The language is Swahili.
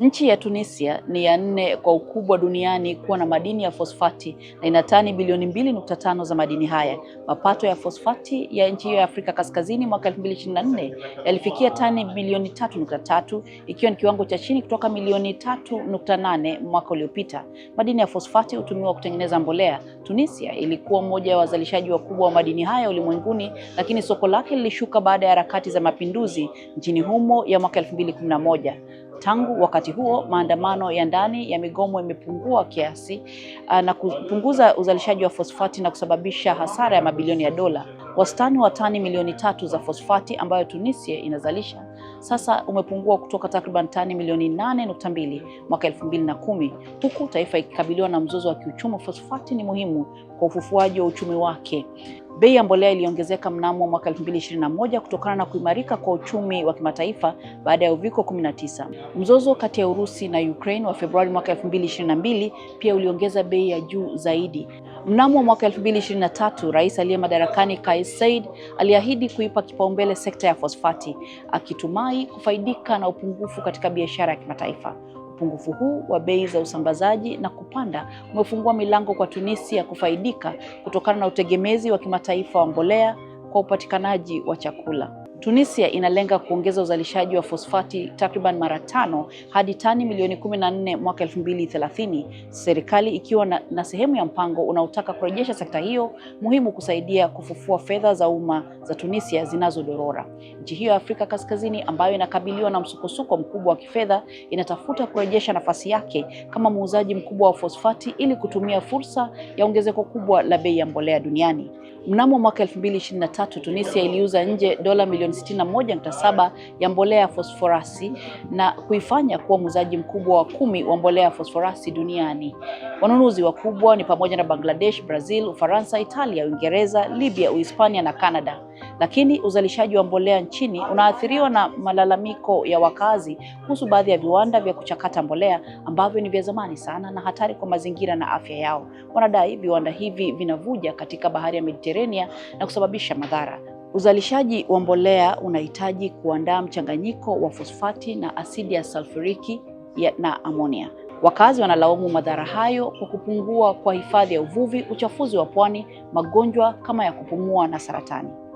Nchi ya Tunisia ni ya nne kwa ukubwa duniani kuwa na madini ya fosfati na ina tani bilioni mbili nukta tano za madini haya. Mapato ya fosfati ya nchi hiyo ya Afrika Kaskazini mwaka 2024 yalifikia tani milioni tatu nukta tatu ikiwa ni kiwango cha chini kutoka milioni tatu nukta nane mwaka uliopita. Madini ya fosfati hutumiwa kutengeneza mbolea. Tunisia ilikuwa mmoja ya wazalishaji wakubwa wa madini haya ulimwenguni, lakini soko lake lilishuka baada ya harakati za mapinduzi nchini humo ya mwaka 2011. Tangu wakati huo maandamano ya ndani ya migomo yamepungua kiasi uh, na kupunguza uzalishaji wa fosfati na kusababisha hasara ya mabilioni ya dola. Wastani wa tani milioni tatu za fosfati ambayo Tunisia inazalisha sasa umepungua kutoka takriban tani milioni nane nukta mbili mwaka elfu mbili na kumi huku taifa ikikabiliwa na mzozo wa kiuchumi. Fosfati ni muhimu kwa ufufuaji wa uchumi wake. Bei ya mbolea iliongezeka mnamo mwaka 2021 kutokana na kuimarika kwa uchumi wa kimataifa baada ya uviko 19. Mzozo kati ya Urusi na Ukraine wa Februari mwaka 2022 pia uliongeza bei ya juu zaidi. Mnamo mwaka 2023, rais aliye madarakani Kais Saied aliahidi kuipa kipaumbele sekta ya fosfati akitumai kufaidika na upungufu katika biashara ya kimataifa. Upungufu huu wa bei za usambazaji na kupanda umefungua milango kwa Tunisia kufaidika kutokana na utegemezi wa kimataifa wa mbolea kwa upatikanaji wa chakula. Tunisia inalenga kuongeza uzalishaji wa fosfati takriban mara tano hadi tani milioni 14 mwaka 2030, serikali ikiwa na, na sehemu ya mpango unaotaka kurejesha sekta hiyo muhimu kusaidia kufufua fedha za umma za Tunisia zinazodorora. Nchi hiyo ya Afrika Kaskazini ambayo inakabiliwa na msukosuko mkubwa wa kifedha inatafuta kurejesha nafasi yake kama muuzaji mkubwa wa fosfati ili kutumia fursa ya ongezeko kubwa la bei ya mbolea duniani. Mnamo mwaka 2023 Tunisia iliuza nje dola milioni milioni 61.7 ya mbolea ya fosforasi na kuifanya kuwa muuzaji mkubwa wa kumi wa mbolea ya fosforasi duniani. Wanunuzi wakubwa ni pamoja na Bangladesh, Brazil, Ufaransa, Italia, Uingereza, Libya, Uhispania na Canada. Lakini uzalishaji wa mbolea nchini unaathiriwa na malalamiko ya wakazi kuhusu baadhi ya viwanda vya kuchakata mbolea ambavyo ni vya zamani sana na hatari kwa mazingira na afya yao. Wanadai viwanda hivi vinavuja katika bahari ya Mediterania na kusababisha madhara. Uzalishaji wa mbolea unahitaji kuandaa mchanganyiko wa fosfati na asidi ya sulfuriki na amonia. Wakazi wanalaumu madhara hayo kwa kupungua kwa hifadhi ya uvuvi, uchafuzi wa pwani, magonjwa kama ya kupumua na saratani.